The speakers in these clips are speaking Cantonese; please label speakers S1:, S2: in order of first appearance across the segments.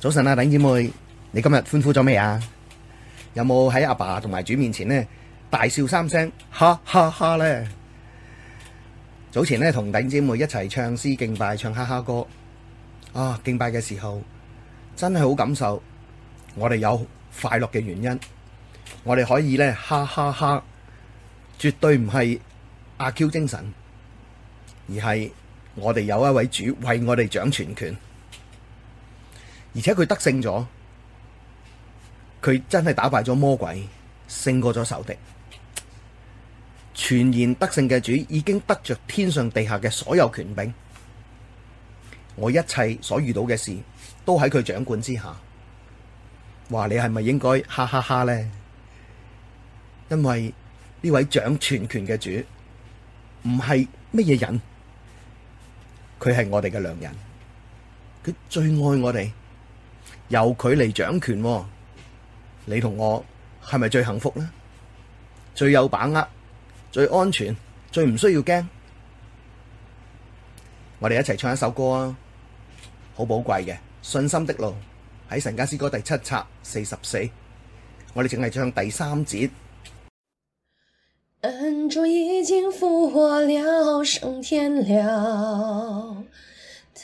S1: 早晨啊，頂姐妹，你今日歡呼咗咩啊？有冇喺阿爸同埋主面前呢？大笑三聲哈哈哈呢？早前呢，同頂姐妹一齊唱詩敬拜，唱哈哈歌啊！敬拜嘅時候真係好感受，我哋有快樂嘅原因，我哋可以呢哈哈哈哈，絕對唔係阿 Q 精神，而係我哋有一位主為我哋掌全權。而且佢得勝咗，佢真係打敗咗魔鬼，勝過咗仇敵。全然得勝嘅主已經得着天上地下嘅所有權柄，我一切所遇到嘅事都喺佢掌管之下。話你係咪應該哈哈哈呢？因為呢位掌全權嘅主唔係乜嘢人，佢係我哋嘅良人，佢最愛我哋。由佢嚟掌權、哦，你同我係咪最幸福呢？最有把握，最安全，最唔需要驚。我哋一齊唱一首歌啊！好寶貴嘅信心的路，喺神家詩歌第七冊四十四。我哋淨係唱第三節。恩主已經復活了，升天了。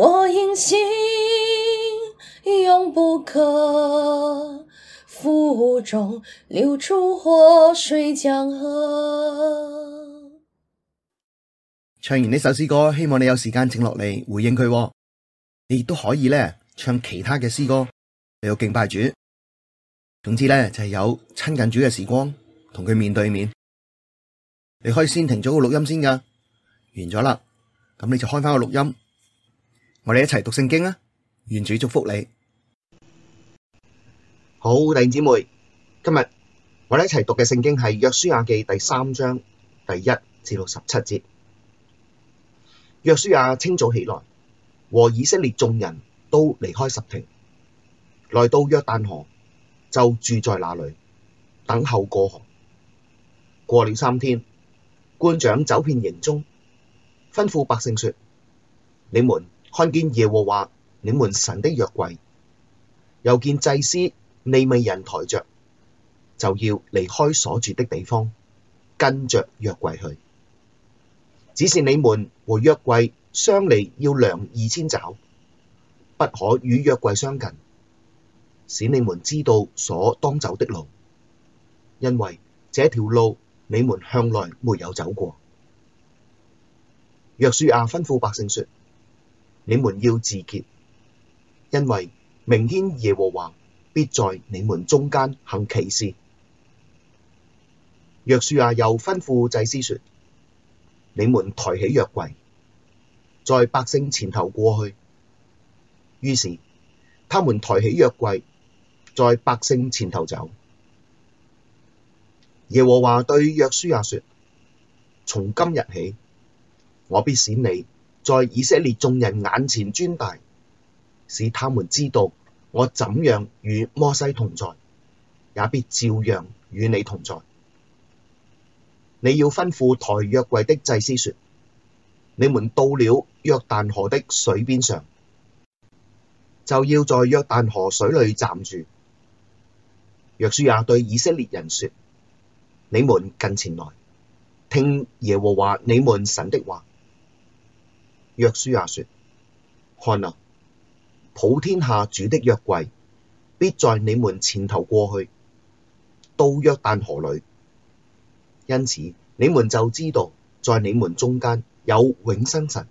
S1: 我因信永不渴，腹中流出活水江河。唱完呢首詩歌，希望你有時間靜落嚟回應佢。你亦都可以咧唱其他嘅詩歌嚟到敬拜主。總之咧就係、是、有親近主嘅時光，同佢面對面。你可以先停咗個錄音先㗎，完咗啦，咁你就開返個錄音。我哋一齊讀聖經啊！願主祝福你。好，弟兄姊妹，今日我哋一齊讀嘅聖經係《約書亞記》第三章第一至十七節。約書亞清早起來，和以色列眾人都離開什亭，來到約旦河，就住在那裡，等候過河。過了三天，官長走遍營中，吩咐百姓說：你們。看見耶和華你們神的約櫃，又見祭司利未人抬着，就要離開所住的地方，跟着約櫃去。只是你們和約櫃相離要量二千肘，不可與約櫃相近，使你們知道所當走的路，因為這條路你們向來沒有走過。約書亞吩咐百姓說。你們要自潔，因為明天耶和華必在你們中間行奇事。約書亞又吩咐祭司說：你們抬起約櫃，在百姓前頭過去。於是他們抬起約櫃，在百姓前頭走。耶和華對約書亞說：從今日起，我必使你。在以色列眾人眼前尊大，使他們知道我怎樣與摩西同在，也必照樣與你同在。你要吩咐抬約櫃的祭司說：你們到了約但河的水邊上，就要在約但河水裡站住。約書亞對以色列人說：你們近前來，聽耶和華你們神的話。約書亞說：看啊，普天下主的約櫃必在你們前頭過去，到約但河裡。因此，你們就知道在你們中間有永生神，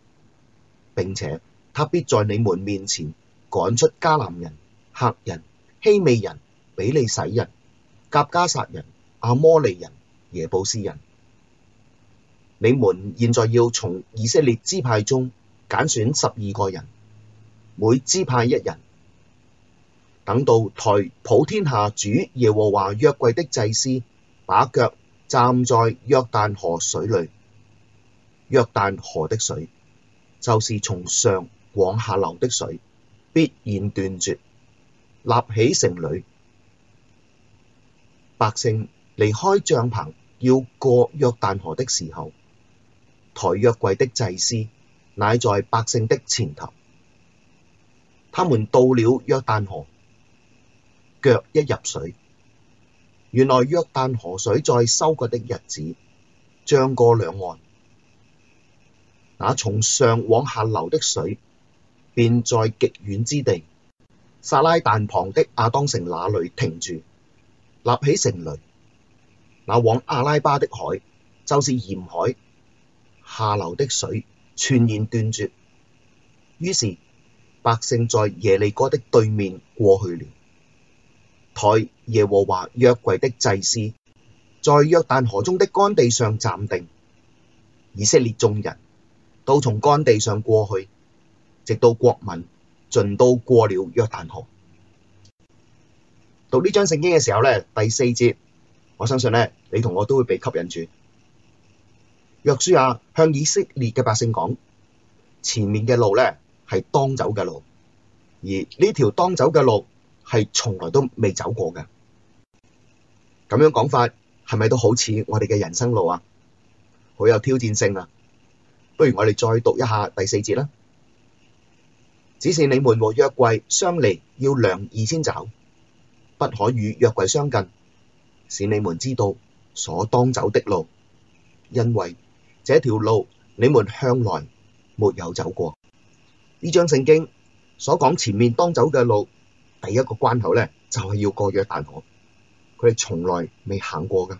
S1: 並且他必在你們面前趕出迦南人、赫人、希未人、比利洗人、革迦撒人、阿摩利人、耶布斯人。你們現在要從以色列支派中。揀選十二個人，每支派一人。等到擡普天下主耶和華約櫃的祭司把腳站在約旦河水裡，約旦河的水，就是從上往下流的水，必然斷絕。立起成壘。百姓離開帳棚要過約旦河的時候，擡約櫃的祭司。乃在百姓的前頭，他們到了約旦河，腳一入水，原來約旦河水在收割的日子漲過兩岸，那從上往下流的水，便在極遠之地，撒拉但旁的亞當城那裏停住，立起成壘，那往亞拉巴的海，就是鹽海下流的水。全然斷絕，於是百姓在耶利哥的對面過去了。抬耶和華約櫃的祭司在約旦河中的乾地上站定，以色列眾人都從乾地上過去，直到國民盡都過了約旦河。讀呢章聖經嘅時候呢，第四節，我相信呢，你同我都會被吸引住。約書亞、啊、向以色列嘅百姓講：前面嘅路呢，係當走嘅路，而呢條當走嘅路係從來都未走過嘅。咁樣講法係咪都好似我哋嘅人生路啊？好有挑戰性啊！不如我哋再讀一下第四節啦。只是你們和約櫃相離要量二千肘，不可與約櫃相近，使你們知道所當走的路，因為。這條路你們向來沒有走過。呢張聖經所講前面當走嘅路，第一個關口呢，就係要過約旦河。佢哋從來未行過噶，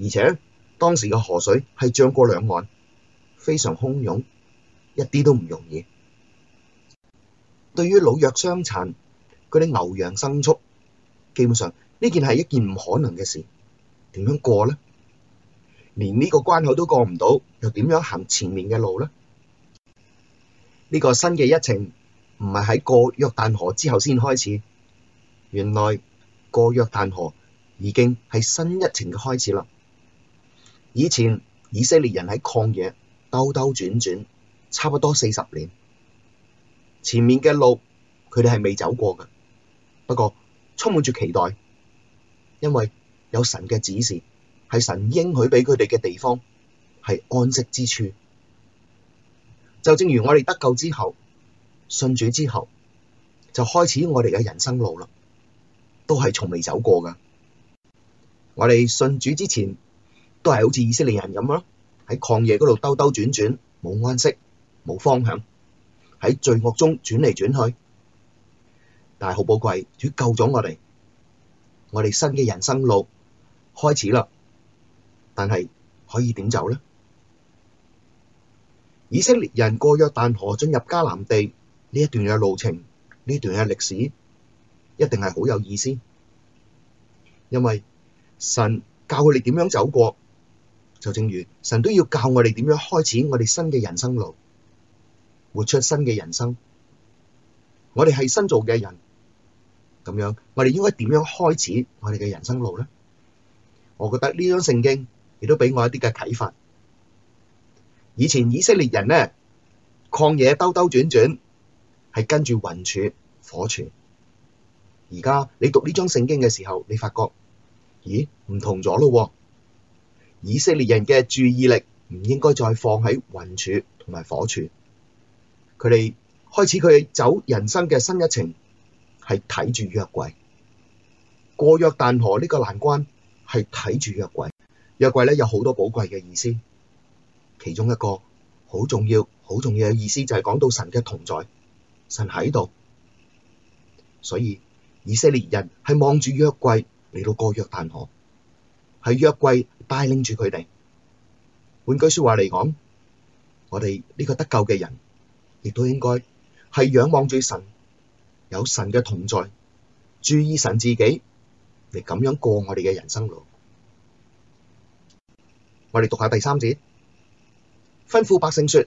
S1: 而且當時嘅河水係漲過兩岸，非常洶湧，一啲都唔容易。對於老弱傷殘、佢哋牛羊牲畜，基本上呢件係一件唔可能嘅事。點樣過呢？連呢個關口都過唔到，又點樣行前面嘅路呢？呢、這個新嘅一程唔係喺過約旦河之後先開始，原來過約旦河已經係新一程嘅開始啦。以前以色列人喺曠野兜兜轉轉，差不多四十年，前面嘅路佢哋係未走過嘅，不過充滿住期待，因為有神嘅指示。係神應許畀佢哋嘅地方，係安息之處。就正如我哋得救之後，信主之後，就開始我哋嘅人生路啦，都係從未走過噶。我哋信主之前，都係好似以色列人咁咯，喺曠野嗰度兜兜轉轉，冇安息，冇方向，喺罪惡中轉嚟轉去。但係好寶貴，佢救咗我哋，我哋新嘅人生路開始啦。但係可以點走咧？以色列人過約旦河進入迦南地呢一段嘅路程，呢段嘅歷史一定係好有意思，因為神教我哋點樣走過，就正如神都要教我哋點樣開始我哋新嘅人生路，活出新嘅人生。我哋係新造嘅人，咁樣我哋應該點樣開始我哋嘅人生路咧？我覺得呢章聖經。亦都畀我一啲嘅啟發。以前以色列人呢，曠野兜兜轉轉，係跟住雲柱火柱。而家你讀呢張聖經嘅時候，你發覺，咦，唔同咗咯。以色列人嘅注意力唔應該再放喺雲柱同埋火柱，佢哋開始佢哋走人生嘅新一程，係睇住約櫃，過約旦河呢個難關，係睇住約櫃。約櫃咧，有好多寶貴嘅意思，其中一個好重要、好重要嘅意思就係講到神嘅同在，神喺度，所以以色列人係望住約櫃嚟到過約旦河，係約櫃帶領住佢哋。換句說話嚟講，我哋呢個得救嘅人，亦都應該係仰望住神，有神嘅同在，注意神自己，嚟咁樣過我哋嘅人生路。我哋讀下第三節，吩咐百姓說：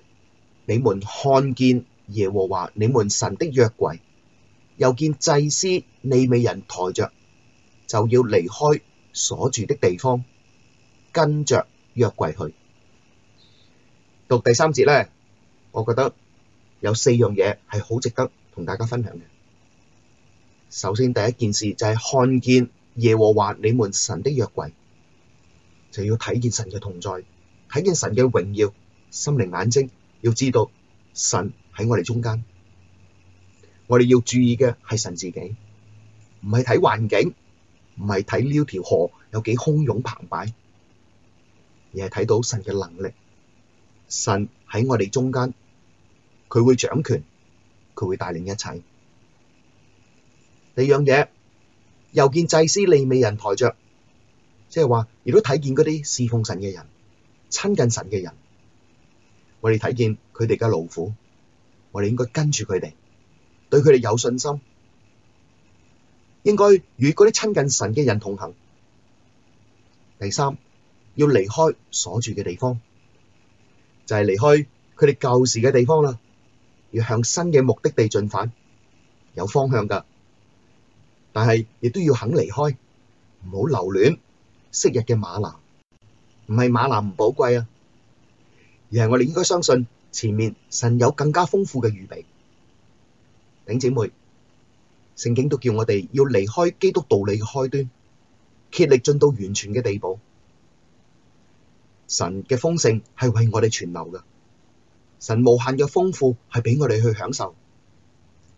S1: 你們看見耶和華你們神的約櫃，又見祭司利未人抬着，就要離開所住的地方，跟着約櫃去。讀第三節呢，我覺得有四樣嘢係好值得同大家分享嘅。首先第一件事就係看見耶和華你們神的約櫃。就要睇見神嘅同在，睇見神嘅榮耀，心靈眼睛要知道神喺我哋中間。我哋要注意嘅係神自己，唔係睇環境，唔係睇呢條河有幾洶湧澎湃，而係睇到神嘅能力。神喺我哋中間，佢會掌權，佢會帶領一切。第二樣嘢，又見祭司利未人抬着。即係話，亦都睇見嗰啲侍奉神嘅人、親近神嘅人，我哋睇見佢哋嘅勞苦，我哋應該跟住佢哋，對佢哋有信心，應該與嗰啲親近神嘅人同行。第三，要離開所住嘅地方，就係、是、離開佢哋舊時嘅地方啦，要向新嘅目的地進發，有方向噶，但係亦都要肯離開，唔好留戀。昔日嘅嗎哪唔係嗎哪唔寶貴啊，而係我哋應該相信前面神有更加豐富嘅預備。頂姐妹，聖經都叫我哋要離開基督道理嘅開端，竭力進到完全嘅地步。神嘅豐盛係為我哋存留嘅，神無限嘅豐富係俾我哋去享受，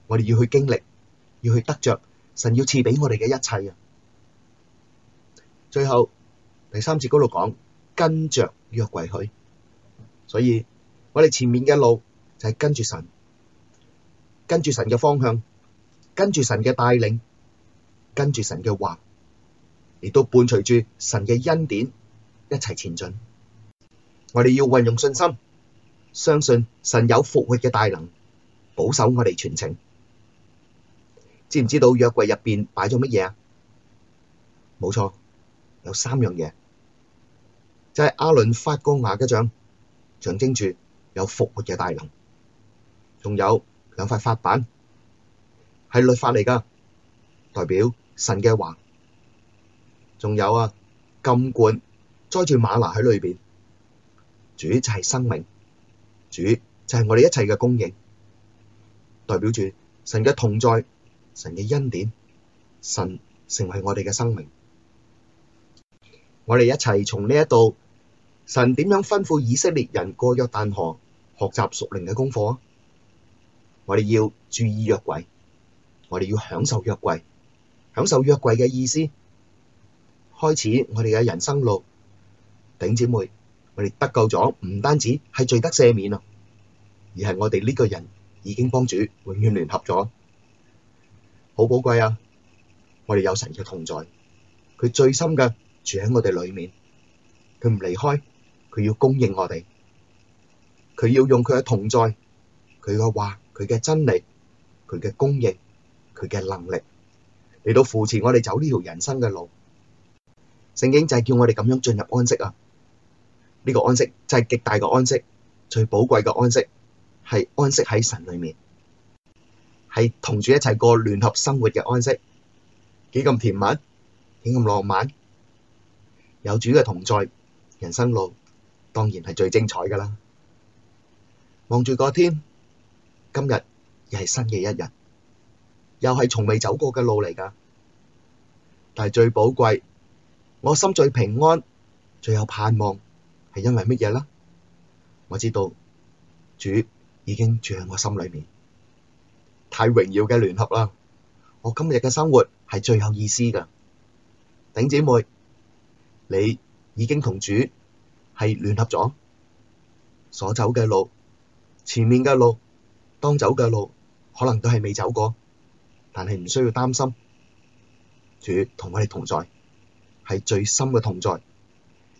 S1: 我哋要去經歷，要去得着，神要賜俾我哋嘅一切啊！最後第三節嗰度講，跟着約櫃去。所以我哋前面嘅路就係跟住神，跟住神嘅方向，跟住神嘅帶領，跟住神嘅話，亦都伴隨住神嘅恩典一齊前進。我哋要運用信心，相信神有復活嘅大能，保守我哋全程。知唔知道約櫃入邊擺咗乜嘢啊？冇錯。有三樣嘢，就係阿倫發個牙嘅杖，象徵住有復活嘅大能，仲有兩塊法板，係律法嚟噶，代表神嘅話，仲有啊金罐，裝住嗎哪喺裏邊，主就係生命，主就係我哋一切嘅供應，代表住神嘅同在，神嘅恩典，神成為我哋嘅生命。我哋一齊從呢一度，神點樣吩咐以色列人過約旦河，學習屬靈嘅功課啊！我哋要注意約櫃，我哋要享受約櫃，享受約櫃嘅意思，開始我哋嘅人生路。頂姐妹，我哋得救咗，唔單止係罪得赦免啊，而係我哋呢個人已經幫主永遠聯合咗，好寶貴啊！我哋有神嘅同在，佢最深嘅，住喺我哋裏面，佢唔離開，佢要供應我哋，佢要用佢嘅同在，佢嘅話，佢嘅真理，佢嘅供應，佢嘅能力，嚟到扶持我哋走呢條人生嘅路。聖經就係叫我哋咁樣進入安息啊！呢個安息就係極大嘅安息，最寶貴嘅安息，係安息喺神裏面，係同住一齊過聯合生活嘅安息，幾咁甜蜜，幾咁浪漫。有主嘅同在，人生路當然係最精彩噶啦。望住個天，今日又係新嘅一日，又係從未走過嘅路嚟噶。但係最寶貴，我心最平安，最有盼望，係因為乜嘢啦？我知道主已經住喺我心裏面，太榮耀嘅聯合啦。我今日嘅生活係最有意思噶，頂姐妹。你已經同主係聯合咗，所走嘅路，前面嘅路，當走嘅路，可能都係未走過，但係唔需要擔心，主同我哋同在，係最深嘅同在，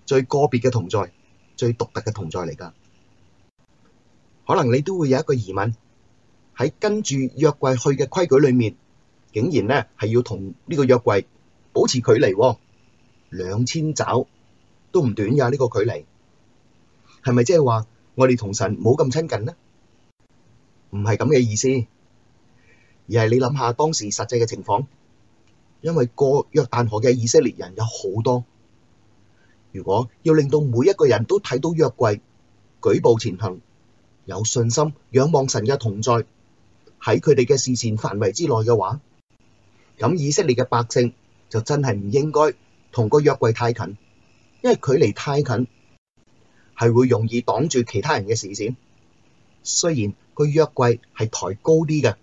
S1: 最個別嘅同在，最獨特嘅同在嚟噶。可能你都會有一個疑問，喺跟住約櫃去嘅規矩裏面，竟然咧係要同呢個約櫃保持距離喎。兩千肘都唔短㗎！呢、這個距離係咪即係話我哋同神冇咁親近呢？唔係咁嘅意思，而係你諗下當時實際嘅情況，因為過約旦河嘅以色列人有好多，如果要令到每一個人都睇到約櫃舉步前行，有信心仰望神嘅同在喺佢哋嘅視線範圍之內嘅話，咁以色列嘅百姓就真係唔應該。同個約櫃太近，因為距離太近係會容易擋住其他人嘅視線。雖然個約櫃係抬高啲嘅，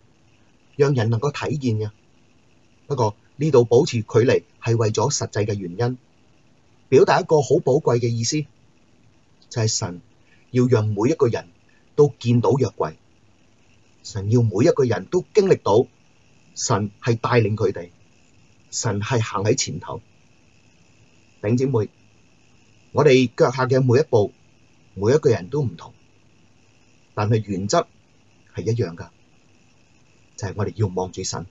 S1: 讓人能夠睇見嘅，不過呢度保持距離係為咗實際嘅原因，表達一個好寶貴嘅意思，就係神要讓每一個人都見到約櫃，神要每一個人都經歷到神係帶領佢哋，神係行喺前頭。頂，姐妹，我哋腳下嘅每一步，每一個人都唔同，但係原則係一樣噶就係我哋要望住神，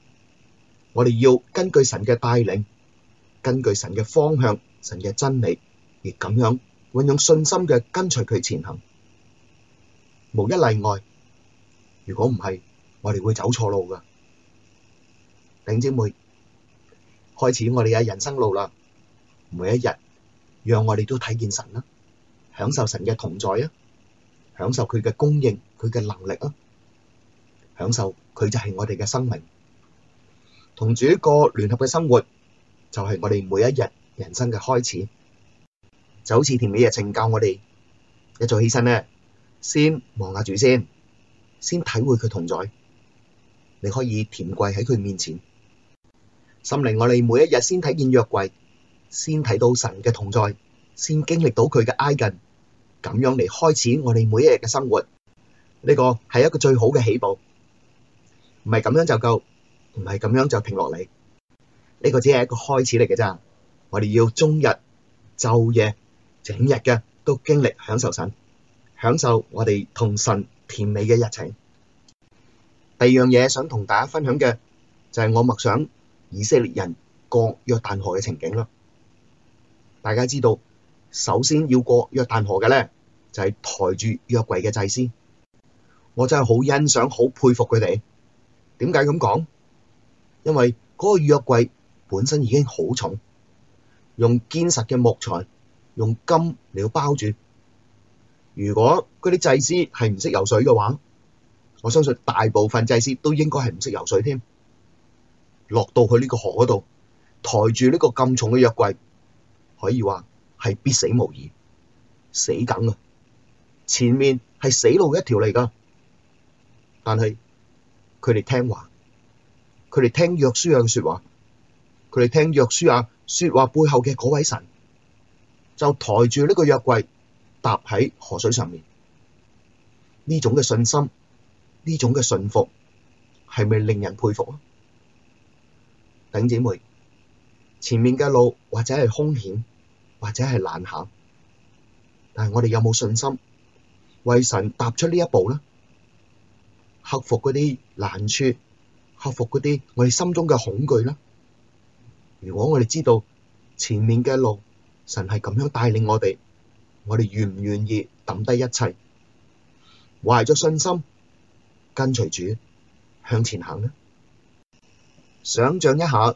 S1: 我哋要根據神嘅帶領，根據神嘅方向、神嘅真理，而咁樣運用信心嘅跟隨佢前行，無一例外。如果唔係，我哋會走錯路噶。頂，姐妹，開始我哋嘅人生路啦。每一日，讓我哋都睇見神啦、啊，享受神嘅同在啊，享受佢嘅供應，佢嘅能力啊，享受佢就係我哋嘅生命，同主一個聯合嘅生活就係、是、我哋每一日人生嘅開始，就好似甜美日程教我哋一早起身咧，先望下主先，先體會佢同在，你可以甜跪喺佢面前，甚令我哋每一日先睇見約櫃，先睇到神嘅同在，先經歷到佢嘅挨近，咁樣嚟開始我哋每一日嘅生活，呢個係一個最好嘅起步。唔係咁樣就夠，唔係咁樣就停落嚟。呢個只係一個開始嚟嘅咋。我哋要終日、晝夜、整日嘅都經歷享受神，享受我哋同神甜美嘅日程。第二樣嘢想同大家分享嘅就係我默想以色列人過約旦河嘅情景啦。大家知道，首先要過約旦河嘅咧，就係抬住約櫃嘅祭司。我真係好欣賞、好佩服佢哋。點解咁講？因為嗰個約櫃本身已經好重，用堅實嘅木材，用金嚟到包住。如果嗰啲祭司係唔識游水嘅話，我相信大部分祭司都應該係唔識游水添。落到去呢個河嗰度，抬住呢個咁重嘅約櫃。可以話係必死無疑，死梗啊！前面係死路一條嚟噶，但係佢哋聽話，佢哋聽約書亞嘅說話，佢哋聽約書亞說話背後嘅嗰位神，就抬住呢個約櫃，踏喺河水上面。呢種嘅信心，呢種嘅信服，係咪令人佩服啊？頂姐妹。前面嘅路或者係兇險，或者係難行，但係我哋有冇信心為神踏出呢一步呢？克服嗰啲難處，克服嗰啲我哋心中嘅恐懼呢？如果我哋知道前面嘅路神係咁樣帶領我哋，我哋願唔願意抌低一切，懷著信心跟隨主向前行呢？想象一下。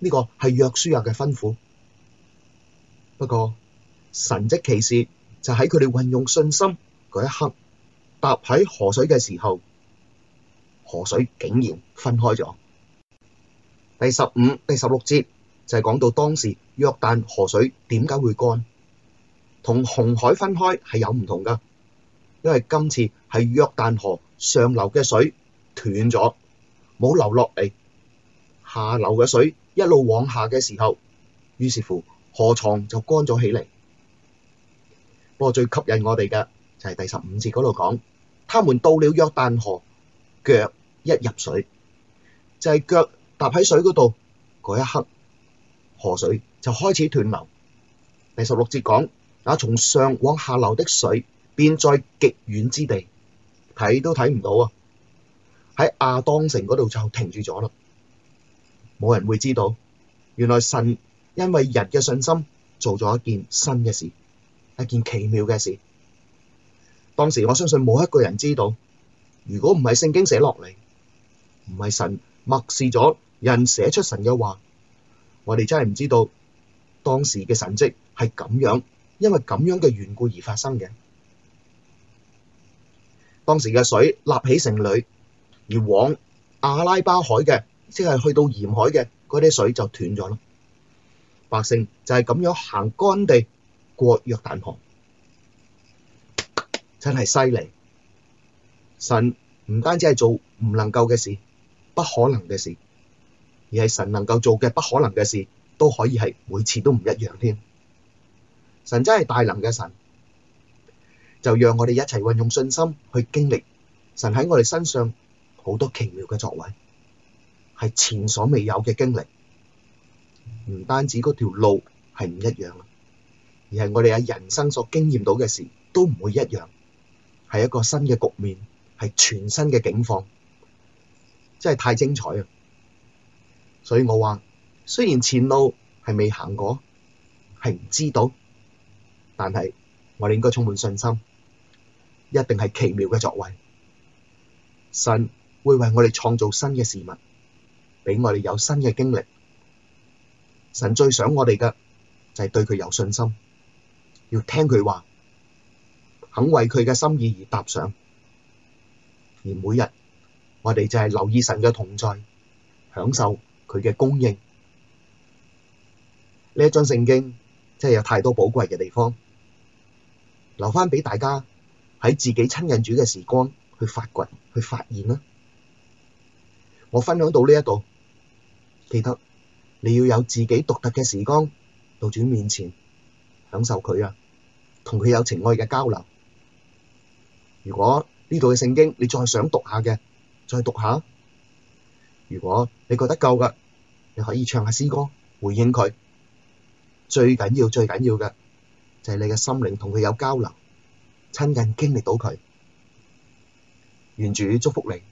S1: 呢個係約書亞嘅吩咐，不過神蹟奇事就喺佢哋運用信心嗰一刻，踏喺河水嘅時候，河水竟然分開咗。第十五、第十六節就係講到當時約旦河水點解會乾，同紅海分開係有唔同噶，因為今次係約旦河上流嘅水斷咗，冇流落嚟，下流嘅水。一路往下嘅時候，於是乎河床就乾咗起嚟。不過最吸引我哋嘅就係第十五節嗰度講，他們到了約旦河，腳一入水，就係、是、腳踏喺水嗰度嗰一刻，河水就開始斷流。第十六節講，那從上往下流的水，便在極遠之地睇都睇唔到啊！喺亞當城嗰度就停住咗啦。冇人會知道，原來神因為人嘅信心做咗一件新嘅事，一件奇妙嘅事。當時我相信冇一個人知道，如果唔係聖經寫落嚟，唔係神默示咗人寫出神嘅話，我哋真係唔知道當時嘅神蹟係咁樣，因為咁樣嘅緣故而發生嘅。當時嘅水立起成壘，而往亞拉巴海嘅。即係去到鹽海嘅嗰啲水就斷咗咯，百姓就係咁樣行乾地過約旦河，真係犀利！神唔單止係做唔能夠嘅事、不可能嘅事，而係神能夠做嘅不可能嘅事，都可以係每次都唔一樣添。神真係大能嘅神，就讓我哋一齊運用信心去經歷神喺我哋身上好多奇妙嘅作為。係前所未有嘅經歷，唔單止嗰條路係唔一樣啦，而係我哋喺人生所經驗到嘅事都唔會一樣，係一個新嘅局面，係全新嘅境況，真係太精彩啊！所以我話雖然前路係未行過，係唔知道，但係我哋應該充滿信心，一定係奇妙嘅作為，神會為我哋創造新嘅事物。畀我哋有新嘅經歷，神最想我哋嘅就係對佢有信心，要聽佢話，肯為佢嘅心意而踏上。而每日我哋就係留意神嘅同在，享受佢嘅供應。呢一章聖經真係有太多寶貴嘅地方，留翻畀大家喺自己親近主嘅時光去發掘、去發現啦。我分享到呢一度。記得你要有自己獨特嘅時光，到主面前享受佢啊，同佢有情愛嘅交流。如果呢度嘅聖經你再想讀下嘅，再讀下。如果你覺得夠噶，你可以唱下詩歌回應佢。最緊要、最緊要嘅就係你嘅心靈同佢有交流，親近經歷到佢。願主祝福你。